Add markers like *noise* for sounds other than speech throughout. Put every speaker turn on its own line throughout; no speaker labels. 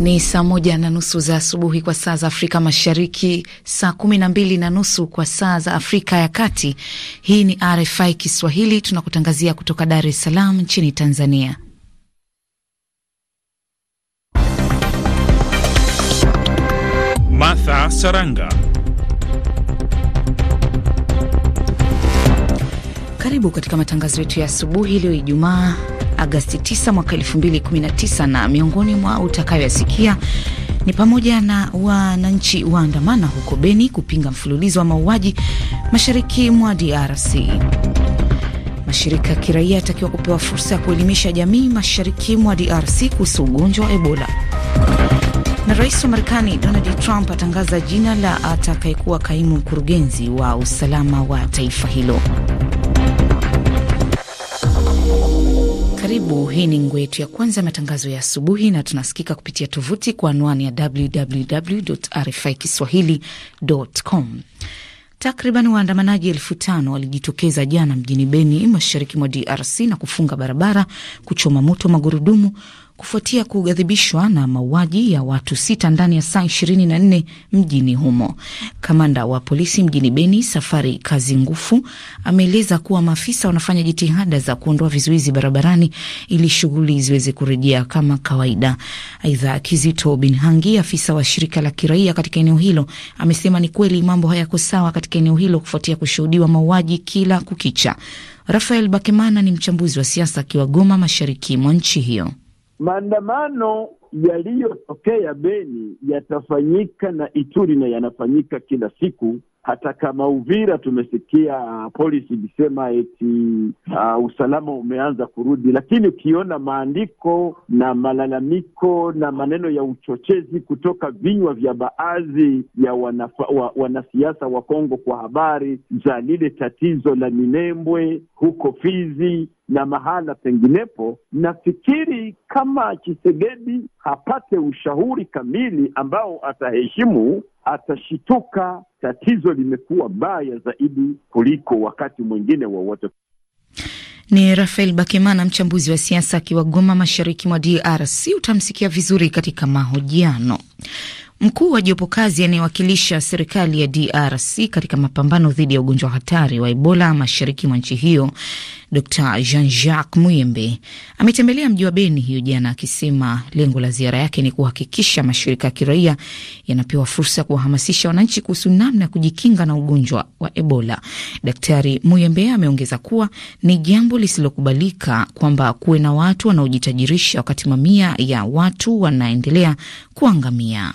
Ni saa moja na nusu za asubuhi kwa saa za Afrika Mashariki, saa kumi na mbili na nusu kwa saa za Afrika ya Kati. Hii ni RFI Kiswahili, tunakutangazia kutoka Dar es Salaam nchini Tanzania.
Martha Saranga.
Karibu katika matangazo yetu ya asubuhi leo Ijumaa Agasti 9 mwaka 2019, na miongoni mwa utakayoyasikia ni pamoja na wananchi waandamana huko Beni kupinga mfululizo wa mauaji mashariki mwa DRC. Mashirika ya kiraia yatakiwa kupewa fursa ya kuelimisha jamii mashariki mwa DRC kuhusu ugonjwa wa Ebola. Na rais wa Marekani Donald Trump atangaza jina la atakayekuwa kaimu mkurugenzi wa usalama wa taifa hilo. Karibu, hii ni ngwe yetu ya kwanza ya matangazo ya asubuhi, na tunasikika kupitia tovuti kwa anwani ya www kiswahilicom. Takriban waandamanaji elfu tano walijitokeza jana mjini Beni, mashariki mwa DRC, na kufunga barabara, kuchoma moto magurudumu, kufuatia kughadhibishwa na mauaji ya watu sita ndani ya saa ishirini na nne mjini humo. Kamanda wa polisi mjini Beni, Safari Kazi Ngufu, ameeleza kuwa maafisa wanafanya jitihada za kuondoa vizuizi barabarani ili shughuli ziweze kurejea kama kawaida. Aidha, Kizito Binhangi, afisa wa shirika la kiraia katika eneo hilo, amesema ni kweli mambo hayako sawa katika eneo hilo kufuatia kushuhudiwa mauaji kila kukicha. Rafael Bakemana ni mchambuzi wa siasa akiwa Goma, mashariki mwa nchi hiyo
maandamano yaliyotokea Beni yatafanyika na Ituri na yanafanyika kila siku. Hata kama Uvira tumesikia uh, polisi ikisema eti uh, usalama umeanza kurudi, lakini ukiona maandiko na malalamiko na maneno ya uchochezi kutoka vinywa vya baadhi ya wanafa, wa, wanasiasa wa Kongo kwa habari za lile tatizo la Minembwe huko Fizi na mahala penginepo, nafikiri kama Chisegedi hapate ushauri kamili ambao ataheshimu, atashituka. Tatizo limekuwa baya zaidi kuliko wakati mwingine wowote
wa ni Rafael Bakemana, mchambuzi wa siasa akiwa Goma, mashariki mwa DRC. Utamsikia vizuri katika mahojiano. Mkuu wa jopo kazi anayewakilisha serikali ya DRC katika mapambano dhidi ya ugonjwa hatari wa Ebola mashariki mwa nchi hiyo, Dr Jean-Jacques Muyembe ametembelea mji wa Beni hiyo jana, akisema lengo la ziara yake ni kuhakikisha mashirika ya kiraia yanapewa fursa ya kuwahamasisha wananchi kuhusu namna ya kujikinga na ugonjwa wa Ebola. Daktari Muyembe ameongeza kuwa ni jambo lisilokubalika kwamba kuwe na watu wanaojitajirisha wakati mamia ya watu wanaendelea kuangamia.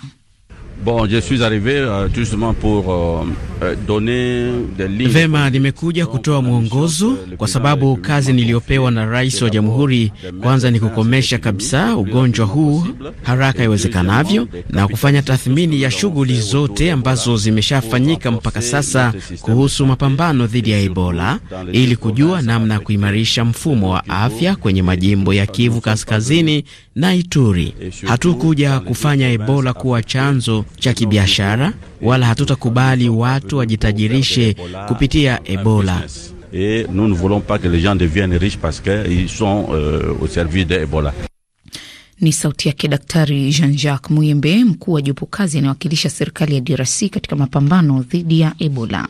Bon, je suis arrivé
justement euh, pour euh, euh, donner des lignes. Vema, nimekuja kutoa mwongozo kwa sababu kazi niliyopewa na rais wa jamhuri kwanza ni kukomesha kabisa ugonjwa huu haraka iwezekanavyo na kufanya tathmini ya shughuli zote ambazo zimeshafanyika mpaka sasa kuhusu mapambano dhidi ya Ebola ili kujua namna ya kuimarisha mfumo wa afya kwenye majimbo ya Kivu Kaskazini na Ituri. Hatukuja kufanya Ebola kuwa chanzo cha kibiashara, wala hatutakubali watu wajitajirishe kupitia Ebola.
Et nous ne voulons pas que les gens deviennent riches parce qu'ils sont euh, au service de Ebola.
Ni sauti yake Daktari Jean-Jacques Muyembe, mkuu wa jopo kazi anayewakilisha serikali ya DRC katika mapambano dhidi ya Ebola.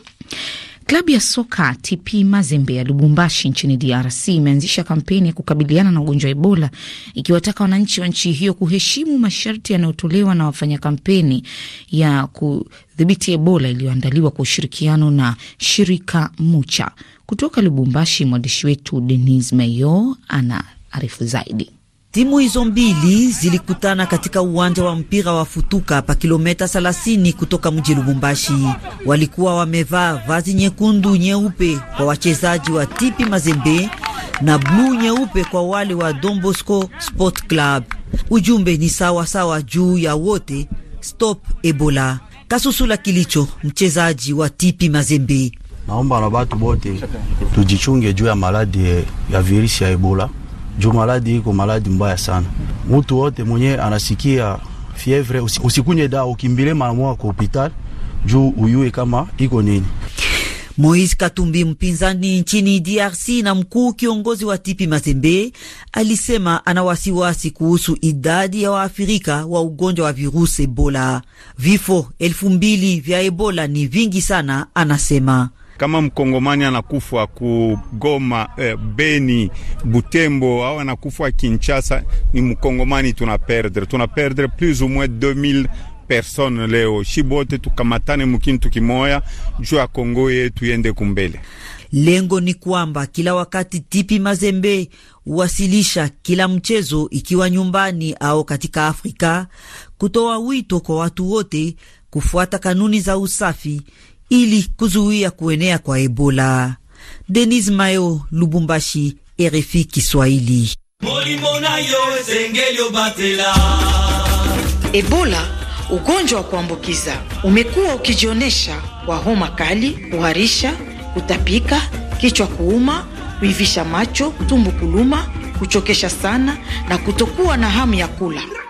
Klabu ya soka TP Mazembe ya Lubumbashi nchini DRC imeanzisha kampeni ya kukabiliana na ugonjwa wa Ebola, ikiwataka wananchi wa nchi hiyo kuheshimu masharti yanayotolewa na wafanya kampeni ya kudhibiti Ebola iliyoandaliwa kwa ushirikiano na shirika Mucha. Kutoka Lubumbashi, mwandishi wetu Denis Mayo ana arifu zaidi. Timu hizo
mbili zilikutana katika uwanja wa mpira wa Futuka pa kilomita 30 kutoka mji Lubumbashi. Walikuwa wamevaa vazi nyekundu nyeupe kwa wachezaji wa Tipi Mazembe na bluu nyeupe kwa wale wa Don Sport Club. Ujumbe ni sawa sawa juu ya wote, stop Ebola. Kasusula Kilicho, mchezaji wa Tipi Mazembe: naomba na batu bote
tujichunge juu ya maladi ya virusi ya Ebola juu maladi iko maladi mbaya sana. Mtu wote mwenye anasikia fievre usikunye dawa, ukimbile mara moja kwa hospitali
juu uyue kama iko nini. Moise Katumbi, mpinzani nchini DRC na mkuu kiongozi wa Tipi Mazembe, alisema ana wasiwasi kuhusu idadi ya waafirika wa ugonjwa wa virusi Ebola. Vifo elfu mbili vya Ebola ni vingi sana, anasema
kama mkongomani anakufa kugoma eh, Beni, Butembo au anakufa Kinshasa, ni mkongomani tuna perdre, tuna perdre plus ou moins 2000 personnes leo. Shibote tukamatane mukintu kimoya juu ya Kongo yetu yende kumbele.
Lengo ni kwamba kila wakati Tipi Mazembe huwasilisha kila mchezo ikiwa nyumbani au katika Afrika, kutoa wito kwa watu wote kufuata kanuni za usafi ili kuzuia kuenea kwa Ebola. Denis Mayo, Lubumbashi, RFI Kiswahili.
Ebola, ugonjwa wa kuambukiza umekuwa ukijionyesha kwa homa kali, kuharisha, kutapika, kichwa kuuma, kuivisha macho, tumbo kuluma, kuchokesha sana na kutokuwa na hamu ya kula.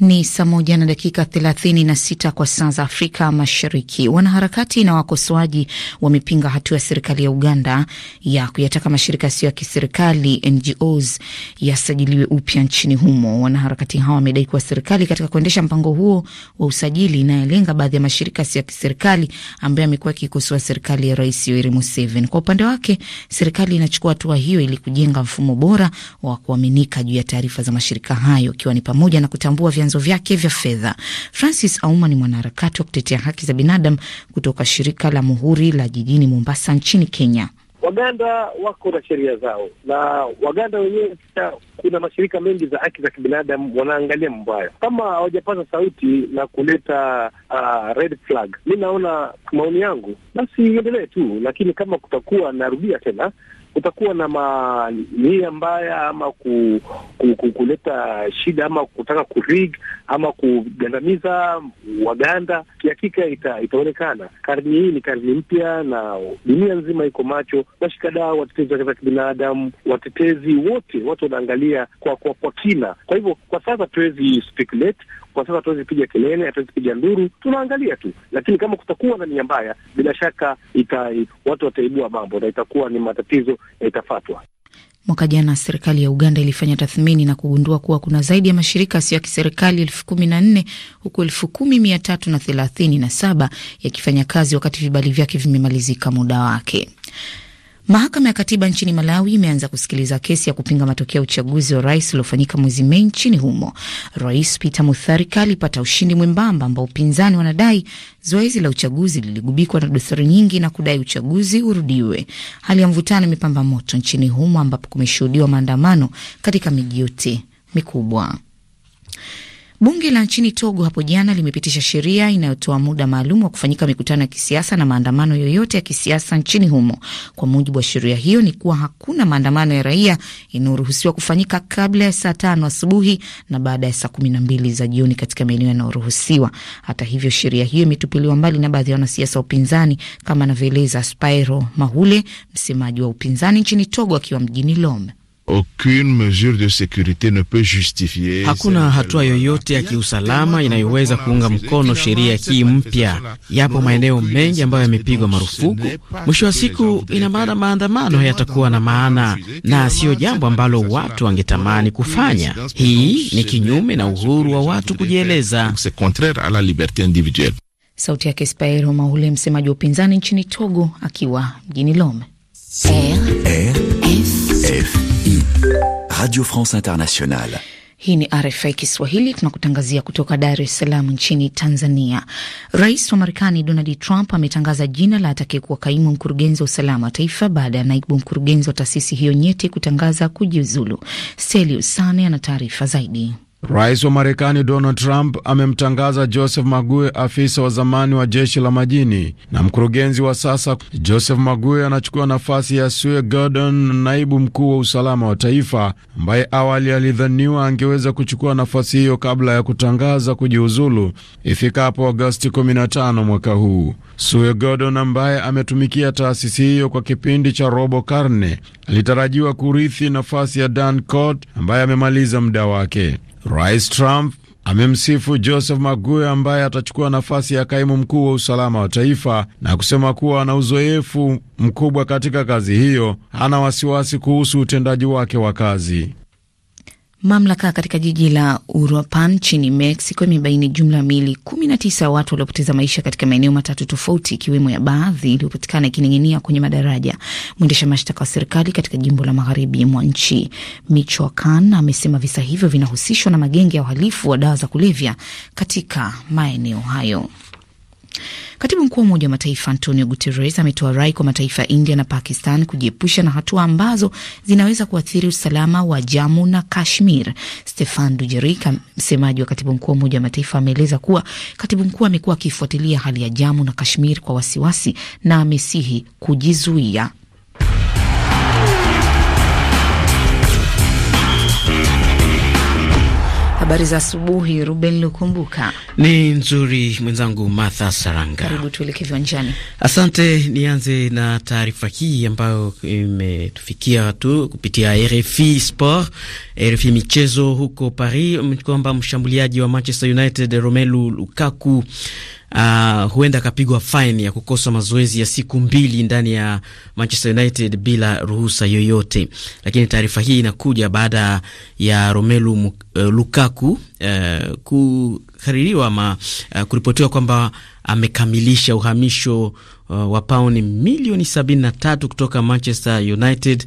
Ni saa moja na dakika thelathini na sita kwa saa za Afrika Mashariki. Wanaharakati na wakosoaji wamepinga hatua ya serikali ya Uganda ya kuyataka mashirika yasiyo ya kiserikali NGOs yasajiliwe upya nchini humo. Wanaharakati hawa wamedai kuwa serikali katika kuendesha mpango huo wa usajili inayolenga baadhi ya mashirika yasiyo ya kiserikali ambayo yamekuwa yakikosoa serikali ya Rais Yoweri Museveni. Kwa upande wake, serikali inachukua hatua hiyo ili kujenga mfumo bora wa kuaminika juu ya taarifa za mashirika hayo, ikiwa ni pamoja na kutambua vyanzo vyake vya fedha. Francis Auma ni mwanaharakati wa kutetea haki za binadamu kutoka shirika la Muhuri la jijini Mombasa nchini Kenya.
Waganda wako na sheria zao na Waganda wenyewe pia, kuna mashirika mengi za haki za kibinadamu wanaangalia mbaya. kama hawajapaza sauti na kuleta uh, red flag. Mi naona maoni yangu basi iendelee tu, lakini kama kutakuwa, narudia tena, utakuwa na nia mbaya ama ku, ku, ku, kuleta shida ama kutaka kurig ama kugandamiza Waganda, kihakika ita, itaonekana. karni hii ni karni mpya, na dunia nzima iko macho, washikadau, watetezi wa haki za kibinadamu, watetezi wote, watu wanaangalia kwa, kwa, kwa kina. Kwa hivyo kwa sasa tuwezi speculate kwa sasa hatuwezi piga kelele, hatuwezi piga nduru, tunaangalia tu, lakini kama kutakuwa na nia mbaya, bila shaka ita, watu wataibua mambo na itakuwa ni matatizo yaitafatwa itafatwa.
Mwaka jana serikali ya Uganda ilifanya tathmini na kugundua kuwa kuna zaidi ya mashirika yasiyo ya kiserikali elfu kumi na nne huku elfu kumi mia tatu na thelathini na saba yakifanya kazi wakati vibali vyake vimemalizika muda wake. Mahakama ya Katiba nchini Malawi imeanza kusikiliza kesi ya kupinga matokeo ya uchaguzi wa rais uliofanyika mwezi Mei nchini humo. Rais Peter Mutharika alipata ushindi mwembamba ambao upinzani wanadai zoezi la uchaguzi liligubikwa na dosari nyingi na kudai uchaguzi urudiwe. Hali ya mvutano imepamba moto nchini humo ambapo kumeshuhudiwa maandamano katika miji yote mikubwa. Bunge la nchini Togo hapo jana limepitisha sheria inayotoa muda maalum wa kufanyika mikutano ya kisiasa na maandamano yoyote ya kisiasa nchini humo. Kwa mujibu wa sheria hiyo, ni kuwa hakuna maandamano ya raia inayoruhusiwa kufanyika kabla ya saa tano asubuhi na baada ya saa kumi na mbili za jioni katika maeneo yanayoruhusiwa. Hata hivyo, sheria hiyo imetupiliwa mbali na baadhi ya wanasiasa wa upinzani, kama anavyoeleza Spairo Mahule, msemaji wa upinzani nchini Togo, akiwa mjini Lome.
Hakuna hatua yoyote ya kiusalama inayoweza kuunga mkono sheria hii mpya. Yapo maeneo mengi ambayo yamepigwa marufuku. Mwisho wa siku, ina maana maandamano hayatakuwa na maana, na siyo jambo ambalo watu wangetamani kufanya. Hii ni kinyume na uhuru wa watu kujieleza.
Sauti yake Spaero Maule, msemaji wa upinzani nchini Togo, akiwa mjini Lome. Radio France Internationale. Hii ni RFI Kiswahili, tunakutangazia kutoka Dar es Salaam nchini Tanzania. Rais wa Marekani Donald Trump ametangaza jina la atakayekuwa kaimu mkurugenzi wa usalama wa taifa baada ya naibu mkurugenzi wa taasisi hiyo nyeti kutangaza kujiuzulu. Stelius Sane ana taarifa zaidi. Rais
wa Marekani Donald Trump amemtangaza Joseph Mague afisa wa zamani wa jeshi la majini na mkurugenzi wa sasa. Joseph Mague anachukua nafasi ya Sue Gordon, naibu mkuu wa usalama wa taifa, ambaye awali alidhaniwa angeweza kuchukua nafasi hiyo kabla ya kutangaza kujiuzulu ifikapo Agosti 15 mwaka huu. Sue Gordon ambaye ametumikia taasisi hiyo kwa kipindi cha robo karne alitarajiwa kurithi nafasi ya Dan Cort ambaye amemaliza muda wake. Rais Trump amemsifu Joseph Maguyo ambaye atachukua nafasi ya kaimu mkuu wa usalama wa taifa na kusema kuwa ana uzoefu mkubwa katika kazi hiyo. Hana wasiwasi kuhusu utendaji wake wa kazi.
Mamlaka katika jiji la Uruapan nchini Mexico imebaini jumla ya miili 19 ya watu waliopoteza maisha katika maeneo matatu tofauti, ikiwemo ya baadhi iliyopatikana ikining'inia kwenye madaraja. Mwendesha mashtaka wa serikali katika jimbo la magharibi mwa nchi Michoacan amesema visa hivyo vinahusishwa na magenge ya uhalifu wa dawa za kulevya katika maeneo hayo. Katibu mkuu wa Umoja wa Mataifa Antonio Guterres ametoa rai kwa mataifa ya India na Pakistan kujiepusha na hatua ambazo zinaweza kuathiri usalama wa Jamu na Kashmir. Stefan Dujerik, msemaji wa katibu mkuu wa Umoja wa Mataifa, ameeleza kuwa katibu mkuu amekuwa akifuatilia hali ya Jamu na Kashmir kwa wasiwasi na amesihi kujizuia. Habari za asubuhi, Ruben Lukumbuka. Ni
nzuri mwenzangu Martha Saranga.
Karibu tuelekee viwanjani.
Asante, nianze na taarifa hii ambayo imetufikia tu kupitia RFI Sport, RFI Michezo huko Paris kwamba mshambuliaji wa Manchester United Romelu Lukaku uh, huenda akapigwa faini ya kukosa mazoezi ya siku mbili ndani ya Manchester United bila ruhusa yoyote. Lakini taarifa hii inakuja baada ya Romelu uh, Lukaku uh, kukaririwa ama uh, kuripotiwa kwamba amekamilisha uhamisho uh, wa pauni milioni 73 kutoka Manchester United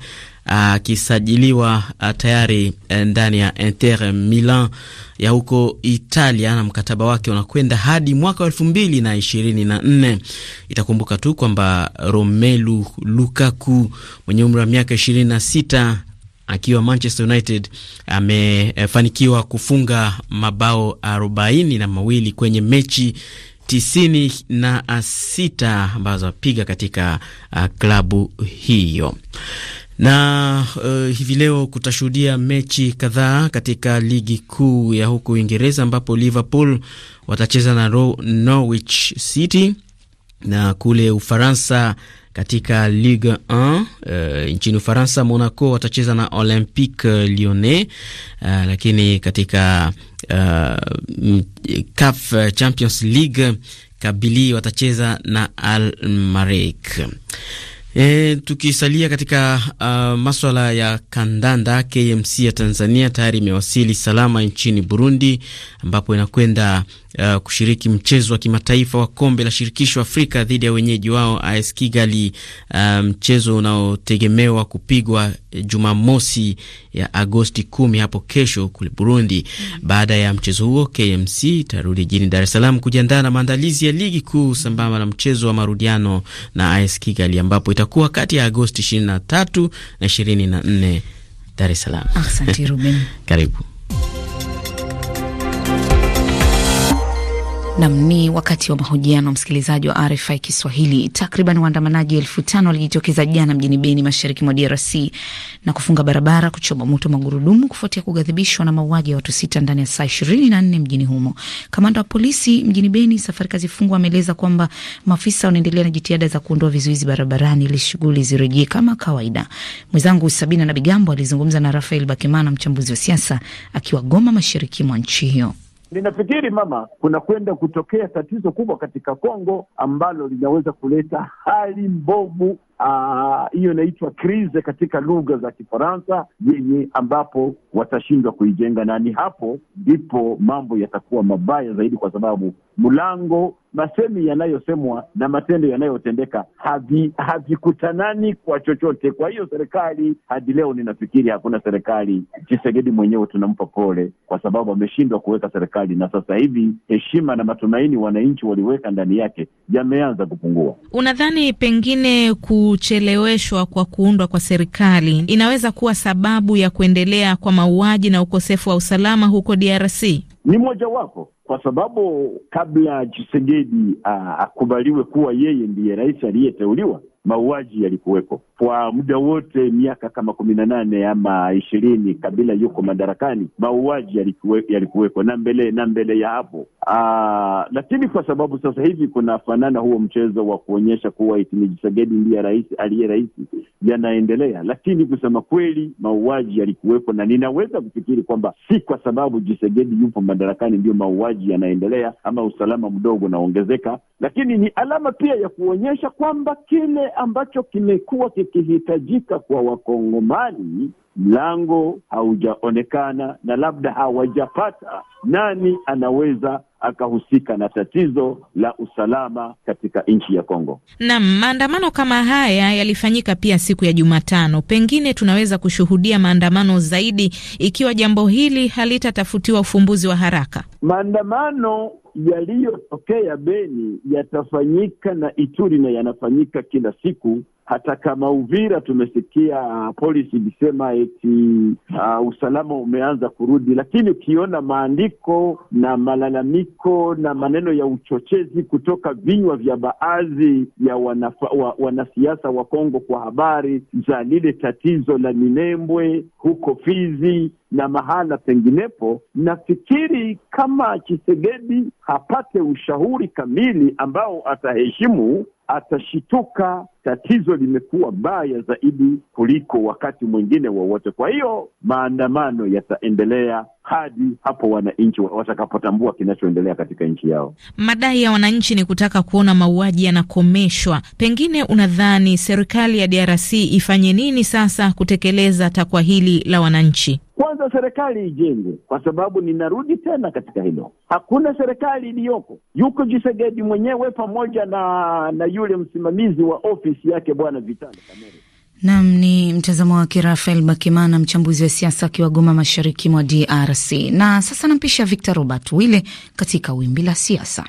akisajiliwa ah, tayari eh, ndani ya Inter Milan ya huko Italia na mkataba wake unakwenda hadi mwaka wa elfu mbili na ishirini na nne. Itakumbuka tu kwamba Romelu Lukaku mwenye umri wa miaka ishirini na sita akiwa Manchester United amefanikiwa kufunga mabao arobaini na mawili kwenye mechi tisini na sita ambazo apiga katika uh, klabu hiyo. Na uh, hivi leo kutashuhudia mechi kadhaa katika ligi kuu ya huko Uingereza ambapo Liverpool watacheza na Ro Norwich City na kule Ufaransa katika Ligue 1 uh, eh, nchini Ufaransa, Monaco watacheza na Olympique Lyonnais. Uh, lakini katika uh, CAF Champions League Kabili watacheza na Al Marek. E, tukisalia katika uh, maswala ya kandanda, KMC ya Tanzania tayari imewasili salama nchini Burundi ambapo inakwenda uh, kushiriki mchezo wa kimataifa wa kombe la shirikisho Afrika dhidi ya wenyeji wao AS Kigali, uh, mchezo um, unaotegemewa kupigwa Jumamosi ya Agosti kumi hapo kesho kule Burundi. Mm-hmm. Baada ya mchezo huo, KMC itarudi jijini Dar es Salaam kujiandaa na maandalizi ya ligi kuu sambamba na mchezo wa marudiano na AS Kigali ambapo itakuwa kati ya Agosti 23 na 24 Dar es Salaam. Asante Ruben. *laughs* Karibu.
Nam ni wakati wa mahojiano, msikilizaji wa RFI Kiswahili. Takriban waandamanaji elfu tano walijitokeza jana mjini Beni, mashariki mwa DRC na kufunga barabara, kuchoma moto magurudumu kufuatia kugadhibishwa na mauaji ya watu sita ndani ya saa ishirini na nne mjini humo. Kamanda wa polisi mjini Beni Safari Kazifungwa ameeleza kwamba maafisa wanaendelea na jitihada za kuondoa vizuizi barabarani ili shughuli zirejee kama kawaida. Mwenzangu Sabina na Bigambo alizungumza na Rafael Bakemana, mchambuzi wa siasa akiwa Goma, mashariki mwa nchi hiyo.
Ninafikiri mama, kuna kwenda kutokea tatizo kubwa katika Kongo ambalo linaweza kuleta hali mbovu Ah, hiyo inaitwa krize katika lugha za Kifaransa yenye ambapo watashindwa kuijenga, na ni hapo ndipo mambo yatakuwa mabaya zaidi, kwa sababu mlango, masemi yanayosemwa na matendo yanayotendeka havikutanani kwa chochote. Kwa hiyo serikali, hadi leo ninafikiri hakuna serikali. Chisegedi mwenyewe tunampa pole, kwa sababu ameshindwa kuweka serikali, na sasa hivi heshima na matumaini wananchi waliweka ndani yake yameanza kupungua.
Unadhani pengine ku kucheleweshwa kwa kuundwa kwa serikali inaweza kuwa sababu ya kuendelea kwa mauaji na ukosefu wa usalama huko DRC?
Ni mojawapo kwa sababu kabla chisegedi ah, akubaliwe kuwa yeye ndiye rais aliyeteuliwa, mauaji yalikuwepo kwa muda wote miaka kama kumi na nane ama ishirini Kabila yuko madarakani, mauaji yalikuweko na mbele na mbele ya hapo ah, lakini kwa sababu sasa hivi kuna fanana huo mchezo wa kuonyesha kuwa itimijisagedi ndiye rahisi aliye rahisi yanaendelea, lakini kusema kweli mauaji yalikuwepo, na ninaweza kufikiri kwamba si kwa sababu Jisegedi yupo madarakani ndio mauaji yanaendelea ama usalama mdogo unaongezeka, lakini ni alama pia ya kuonyesha kwamba kile ambacho kimekuwa kinachokihitajika kwa Wakongomani, mlango haujaonekana na labda hawajapata nani anaweza akahusika na tatizo la usalama katika nchi ya Kongo.
Naam, maandamano kama haya yalifanyika pia siku ya Jumatano. Pengine tunaweza kushuhudia maandamano zaidi ikiwa jambo hili halitatafutiwa ufumbuzi wa haraka.
Maandamano yaliyotokea Beni yatafanyika na Ituri na yanafanyika kila siku hata kama Uvira tumesikia uh, polisi ikisema eti uh, usalama umeanza kurudi, lakini ukiona maandiko na malalamiko na maneno ya uchochezi kutoka vinywa vya baadhi ya wanafa, wa, wanasiasa wa Kongo kwa habari za lile tatizo la Minembwe huko Fizi na mahala penginepo, nafikiri kama Chisegedi hapate ushauri kamili ambao ataheshimu, atashituka tatizo limekuwa baya zaidi kuliko wakati mwingine wowote Kwa hiyo maandamano yataendelea hadi hapo wananchi watakapotambua kinachoendelea katika nchi yao.
Madai ya wananchi ni kutaka kuona mauaji yanakomeshwa. Pengine unadhani serikali ya DRC ifanye nini sasa kutekeleza takwa hili la wananchi?
Kwanza
serikali ijengwe, kwa sababu ninarudi tena katika hilo, hakuna serikali iliyoko, yuko jisegedi mwenyewe pamoja na na yule msimamizi wa ofisi ofisi yake bwana Vital
Kamerhe. Nam ni mtazamo wake Rafael Bakimana, mchambuzi wa siasa akiwa Goma, mashariki mwa DRC. Na sasa nampisha Victor Robert Wille katika wimbi la siasa.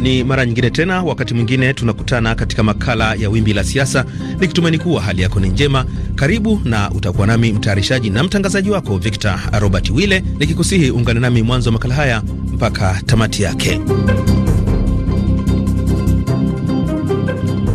Ni mara nyingine tena, wakati mwingine tunakutana katika makala ya wimbi la siasa, nikitumaini kuwa hali yako ni njema. Karibu na utakuwa nami mtayarishaji na mtangazaji wako Victor Robert Wille, nikikusihi ungane nami mwanzo wa makala haya mpaka tamati yake.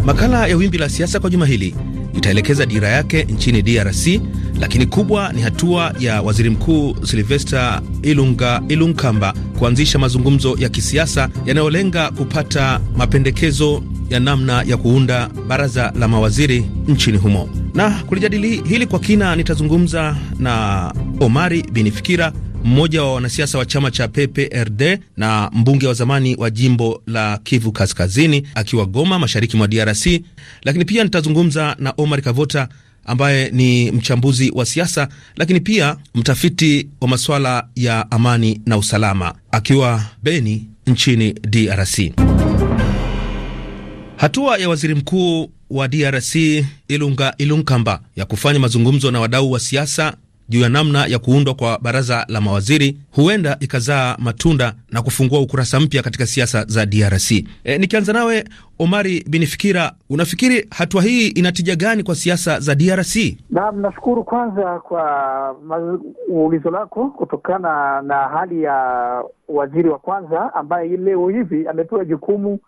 Makala ya Wimbi la Siasa kwa juma hili itaelekeza dira yake nchini DRC, lakini kubwa ni hatua ya waziri mkuu Silvester Ilunga Ilunkamba kuanzisha mazungumzo ya kisiasa yanayolenga kupata mapendekezo ya namna ya kuunda baraza la mawaziri nchini humo. Na kulijadili hili kwa kina, nitazungumza na Omari Binifikira mmoja wa wanasiasa wa chama cha PPRD na mbunge wa zamani wa jimbo la Kivu Kaskazini akiwa Goma, mashariki mwa DRC. Lakini pia nitazungumza na Omar Kavota ambaye ni mchambuzi wa siasa lakini pia mtafiti wa masuala ya amani na usalama akiwa Beni nchini DRC. Hatua ya waziri mkuu wa DRC Ilunga Ilunkamba ya kufanya mazungumzo na wadau wa siasa juu ya namna ya kuundwa kwa baraza la mawaziri huenda ikazaa matunda na kufungua ukurasa mpya katika siasa za DRC. E, eh, nikianza nawe Omari Binifikira, unafikiri hatua hii inatija gani kwa siasa za DRC?
Naam, nashukuru kwanza kwa ulizo lako kutokana na hali ya waziri wa kwanza ambaye leo hivi amepewa jukumu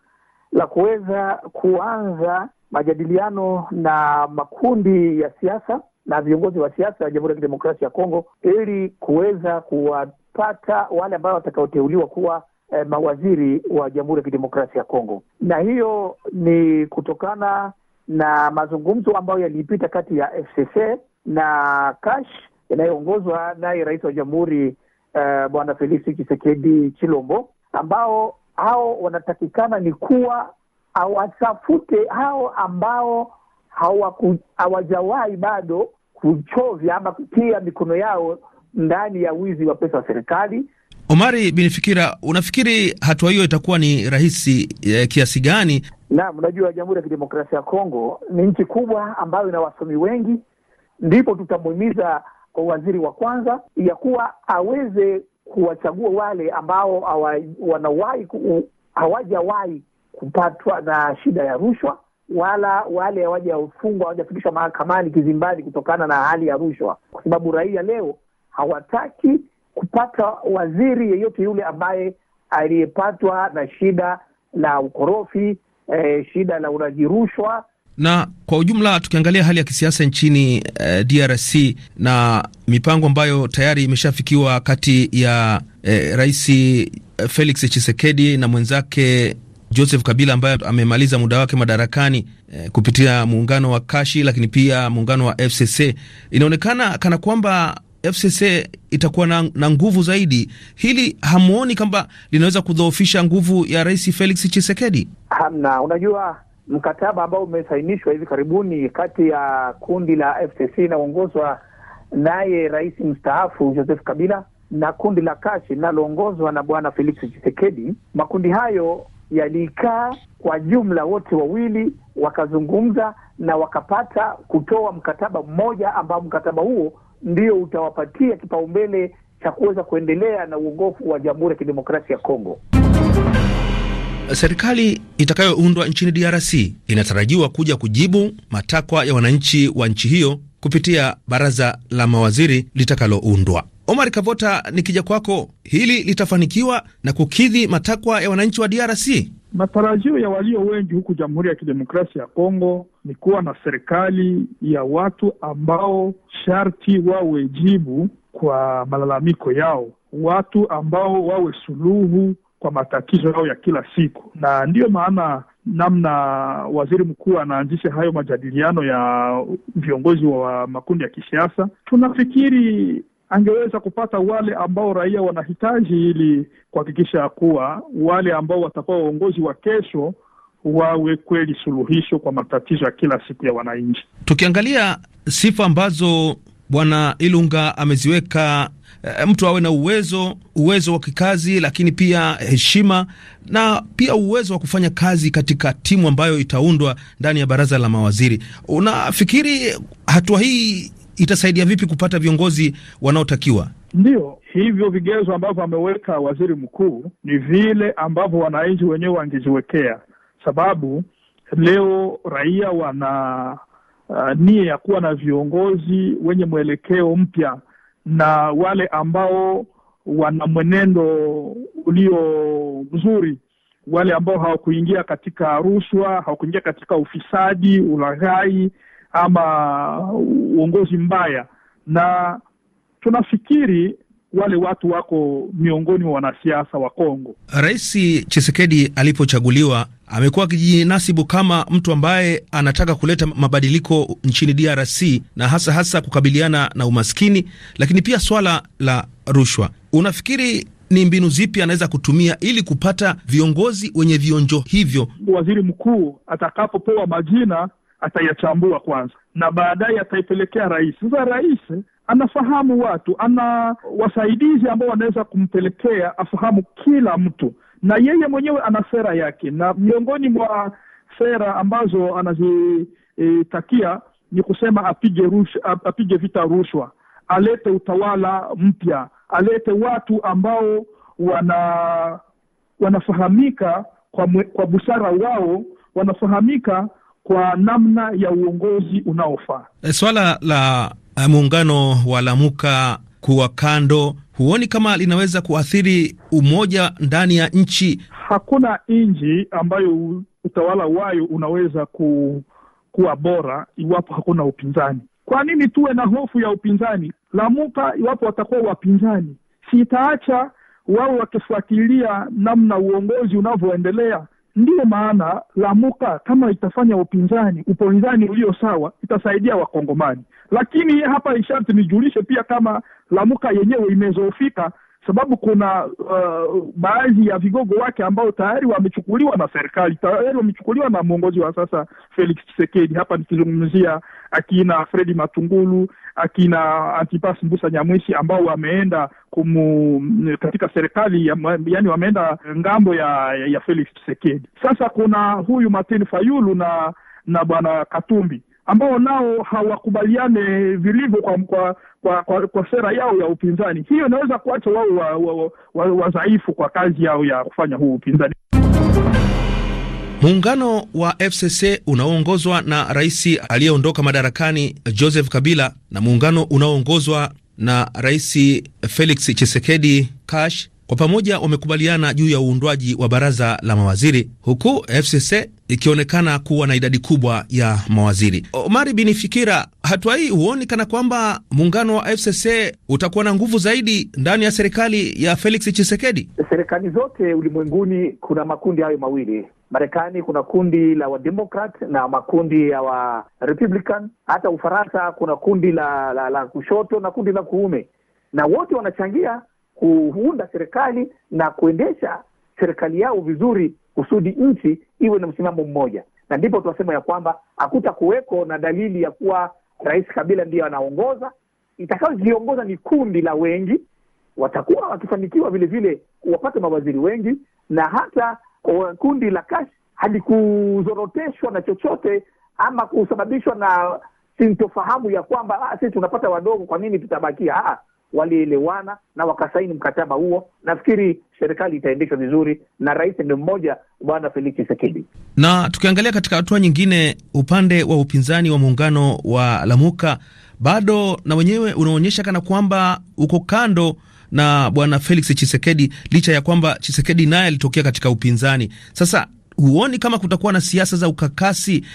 la kuweza kuanza majadiliano na makundi ya siasa na viongozi wa siasa wa Jamhuri ya Kidemokrasia ya Kongo ili kuweza kuwapata wale ambao watakaoteuliwa kuwa eh, mawaziri wa Jamhuri ya Kidemokrasia ya Kongo, na hiyo ni kutokana na mazungumzo ambayo yalipita kati ya FCC na Kash inayoongozwa naye rais wa jamhuri eh, Bwana Felisi chisekedi Chilombo, ambao hao wanatakikana ni kuwa awasafute hao ambao hawajawahi bado kuchovya ama kutia mikono yao ndani ya wizi wa pesa wa serikali.
Omari bin Fikira, unafikiri hatua hiyo itakuwa ni rahisi eh, kiasi gani?
Naam, unajua Jamhuri ya
Kidemokrasia ya Kongo
ni nchi kubwa ambayo ina wasomi wengi, ndipo tutamuhimiza kwa waziri wa kwanza ya kuwa aweze kuwachagua wale ambao hawajawahi hawajawahi kupatwa na shida ya rushwa wala wale hawajafungwa hawajafikishwa mahakamani kizimbani kutokana na hali ya rushwa, kwa sababu raia leo hawataki kupata waziri yeyote yule ambaye aliyepatwa na shida la ukorofi, eh, shida la ulaji rushwa
na kwa ujumla tukiangalia hali ya kisiasa nchini eh, DRC na mipango ambayo tayari imeshafikiwa kati ya eh, Rais eh, Felix Tshisekedi na mwenzake Joseph Kabila ambaye amemaliza muda wake madarakani eh, kupitia muungano wa Kashi, lakini pia muungano wa FCC. Inaonekana kana kwamba FCC itakuwa na, na nguvu zaidi. Hili hamuoni kwamba linaweza kudhoofisha nguvu ya Rais Felix chisekedi
Hamna, unajua mkataba ambao umesainishwa hivi karibuni kati ya kundi la FCC inaongozwa naye rais mstaafu Joseph Kabila na kundi la Kashi linaloongozwa na bwana Felix chisekedi Makundi hayo yalikaa kwa jumla wote wawili wakazungumza na wakapata kutoa mkataba mmoja ambao mkataba huo ndio utawapatia kipaumbele cha kuweza kuendelea na uongofu wa Jamhuri ya Kidemokrasia ya Kongo.
Serikali itakayoundwa nchini DRC inatarajiwa kuja kujibu matakwa ya wananchi wa nchi hiyo kupitia baraza la mawaziri litakaloundwa. Omar Kavota, nikija kwako, hili litafanikiwa na kukidhi matakwa ya wananchi wa DRC? Matarajio ya walio wengi huku Jamhuri ya Kidemokrasia ya Kongo ni kuwa na
serikali ya watu ambao sharti wawe jibu kwa malalamiko yao, watu ambao wawe suluhu kwa matatizo yao ya kila siku, na ndiyo maana namna waziri mkuu anaanzisha hayo majadiliano ya viongozi wa makundi ya kisiasa, tunafikiri angeweza kupata wale ambao raia wanahitaji, ili kuhakikisha kuwa wale ambao watakuwa waongozi wa kesho wawe kweli suluhisho kwa matatizo ya kila siku ya
wananchi. Tukiangalia sifa ambazo Bwana Ilunga ameziweka e, mtu awe na uwezo uwezo wa kikazi, lakini pia heshima na pia uwezo wa kufanya kazi katika timu ambayo itaundwa ndani ya baraza la mawaziri. Unafikiri hatua hii itasaidia vipi kupata viongozi wanaotakiwa?
Ndio hivyo vigezo ambavyo ameweka waziri mkuu ni vile ambavyo wananchi wenyewe wangeziwekea, sababu leo raia wana uh, nia ya kuwa na viongozi wenye mwelekeo mpya na wale ambao wana mwenendo ulio mzuri, wale ambao hawakuingia katika rushwa, hawakuingia katika ufisadi, ulaghai ama uongozi mbaya. Na tunafikiri wale watu wako miongoni mwa wanasiasa wa Kongo.
Rais Chisekedi alipochaguliwa amekuwa akijinasibu kama mtu ambaye anataka kuleta mabadiliko nchini DRC na hasa hasa kukabiliana na umaskini, lakini pia swala la rushwa. Unafikiri ni mbinu zipi anaweza kutumia ili kupata viongozi wenye vionjo hivyo? Waziri mkuu atakapopewa majina atayachambua
kwanza na baadaye ataipelekea rais. Sasa rais anafahamu watu, ana wasaidizi ambao wanaweza kumpelekea afahamu kila mtu, na yeye mwenyewe ana sera yake, na miongoni mwa sera ambazo anazitakia e, ni kusema apige rush, apige vita rushwa, alete utawala mpya, alete watu ambao wana wanafahamika kwa, mwe, kwa busara wao wanafahamika kwa namna ya uongozi unaofaa.
Eh, swala la Eh, muungano wa Lamuka kuwa kando, huoni kama linaweza kuathiri umoja ndani ya nchi? Hakuna nchi ambayo utawala wayo unaweza ku, kuwa bora
iwapo hakuna upinzani. Kwa nini tuwe na hofu ya upinzani? Lamuka, iwapo watakuwa wapinzani, sitaacha wao wakifuatilia namna uongozi unavyoendelea Ndiyo maana Lamuka kama itafanya upinzani, upinzani ulio sawa, itasaidia Wakongomani. Lakini hapa isharti nijulishe pia kama Lamuka yenyewe imezofika sababu kuna uh, baadhi ya vigogo wake ambao tayari wamechukuliwa na serikali tayari wamechukuliwa na mwongozi wa sasa Felix chisekedi Hapa nikizungumzia akina Fredi Matungulu, akina Antipas Mbusa Nyamwisi ambao wameenda kumu katika serikali ya, yani wameenda ngambo ya, ya Felix chisekedi Sasa kuna huyu Martin Fayulu na na bwana Katumbi ambao nao hawakubaliane vilivyo kwa, kwa, kwa, kwa, kwa sera yao ya upinzani. Hiyo inaweza kuacha wao wadhaifu wa, wa, wa, wa kwa kazi yao ya kufanya huu upinzani.
Muungano wa FCC unaoongozwa na rais aliyeondoka madarakani Joseph Kabila na muungano unaoongozwa na rais Felix Chisekedi Kash kwa pamoja wamekubaliana juu ya uundwaji wa baraza la mawaziri huku FCC ikionekana kuwa na idadi kubwa ya mawaziri. Omari Bin Fikira, hatua hii huoni kana kwamba muungano wa FCC utakuwa na nguvu zaidi ndani ya serikali ya Felix chisekedi
Serikali zote ulimwenguni kuna makundi hayo mawili Marekani kuna kundi la wademokrat na makundi ya wa Republican. Hata Ufaransa kuna kundi la, la, la kushoto na kundi la kuume, na wote wanachangia kuunda serikali na kuendesha serikali yao vizuri kusudi nchi iwe na msimamo mmoja, na ndipo tunasema ya kwamba hakuta kuweko na dalili ya kuwa Rais Kabila ndiyo anaongoza. Itakayoliongoza ni kundi la wengi, watakuwa wakifanikiwa vilevile wapate mawaziri wengi, na hata kundi la Kash halikuzoroteshwa na chochote ama kusababishwa na sintofahamu ya kwamba ah, sisi tunapata wadogo, kwa nini tutabakia? Ah, walielewana na wakasaini mkataba huo. Nafikiri serikali itaendeshwa vizuri na rais ni mmoja, bwana Felix chisekedi
Na tukiangalia katika hatua nyingine, upande wa upinzani wa muungano wa Lamuka bado na wenyewe unaonyesha kana kwamba uko kando na bwana Felix chisekedi licha ya kwamba chisekedi naye alitokea katika upinzani. Sasa huoni kama kutakuwa na siasa za ukakasi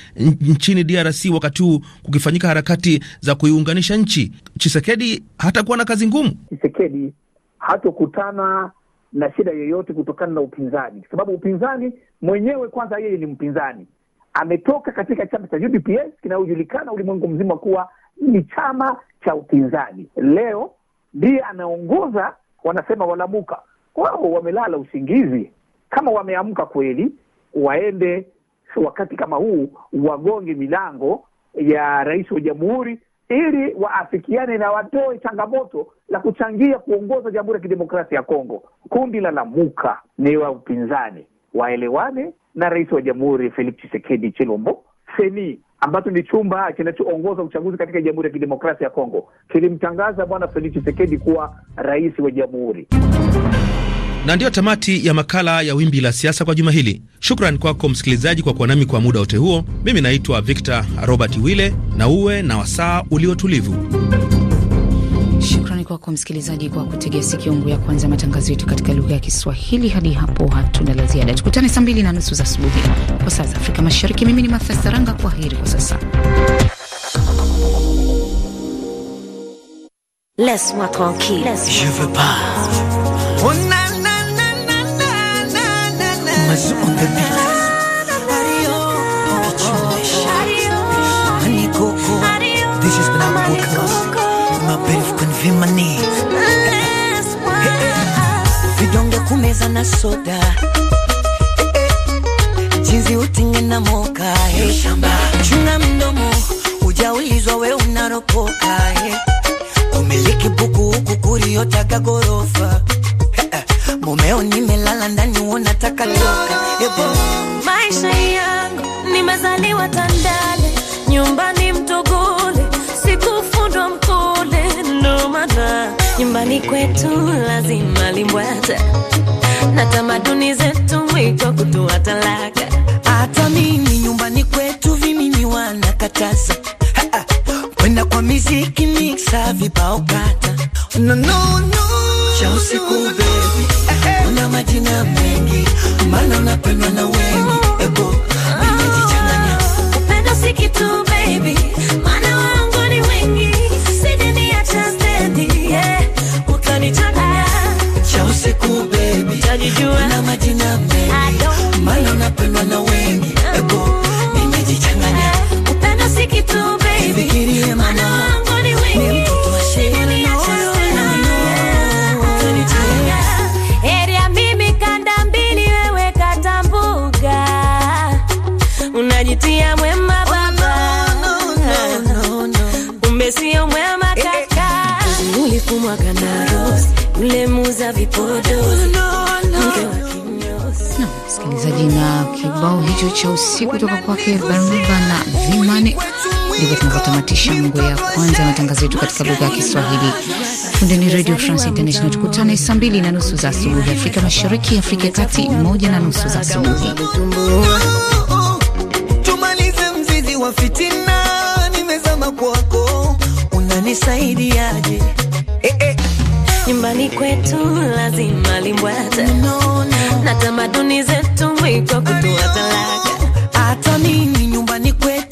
nchini DRC wakati huu kukifanyika harakati za kuiunganisha nchi? Chisekedi hatakuwa na kazi ngumu.
Chisekedi hatokutana na shida yoyote kutokana na upinzani, kwa sababu upinzani mwenyewe kwanza, yeye ni mpinzani, ametoka katika chama cha UDPS kinayojulikana ulimwengu mzima kuwa ni chama cha upinzani. Leo ndiye anaongoza, wanasema walamuka wao wamelala usingizi, kama wameamka kweli waende wakati kama huu wagonge milango ya rais wa jamhuri ili waafikiane na watoe changamoto la kuchangia kuongoza Jamhuri ya Kidemokrasia ya Kongo. Kundi la Lamuka ni wa upinzani waelewane na rais wa jamhuri Felix Tshisekedi Chilombo. Seni ambacho ni chumba kinachoongoza uchaguzi katika Jamhuri ya Kidemokrasia ya Kongo kilimtangaza bwana Felix Tshisekedi kuwa rais wa jamhuri.
Na ndiyo tamati ya makala ya Wimbi la Siasa kwa juma hili. Shukran kwako msikilizaji kwa kuwa nami kwa muda wote huo. Mimi naitwa Victor Robert Wille, na uwe na wasaa uliotulivu.
Shukrani kwako msikilizaji kwa kutegea sikio ya kwanza matangazo yetu katika lugha ya Kiswahili. Hadi hapo hatuna la ziada, tukutane saa mbili na nusu za asubuhi kwa saa za Afrika Mashariki. Mimi ni Martha Saranga, kwa heri kwa sasa. Je
veux pas Mazu on the beat. This is Banabu Bukas. My brief convimani. Vidonge kumeza na soda. Jinsi utinge na moka. Chunga mdomo. Ujaulizwa we unaropoka. Umiliki buku huku kuriyotaga gorofa. Mumeo nimelala ndani unataka toka yebo. Maisha yangu nimezaliwa Tandale, nyumbani Mtogole, sikufundwa Mkole, ndo maana nyumbani kwetu lazima limbwata na tamaduni zetu mwito kutoa talaka. Hata mimi nyumbani kwetu vimi vimimi wanakataza kwenda kwa miziki mixa vibao kata no, no, no cha usiku baby, una majina mengi, maana unapendwa na wengi, ebo nimejichanganya, upendo si kitu baby, maana mwema oh, baba, sio mwema eh, eh. kaka, Rose
ule oh, msikilizaji na kibao hicho cha usiku kutoka kwake Baruba na Vimane, ndivyo tunavyotamatisha mungu ya kwanza ya matangazo yetu katika lugha ya Kiswahili. Punde ni Radio France International. Tukutane saa mbili na nusu za asubuhi Afrika Mashariki, Afrika ya Kati moja na nusu za asubuhi
fitina, nimezama kwako, unanisaidiaje? Eh, eh. Nyumbani kwetu lazima limbwata no, no. Na tamaduni zetu iko kutoa talaka, hata mimi nyumbani kwetu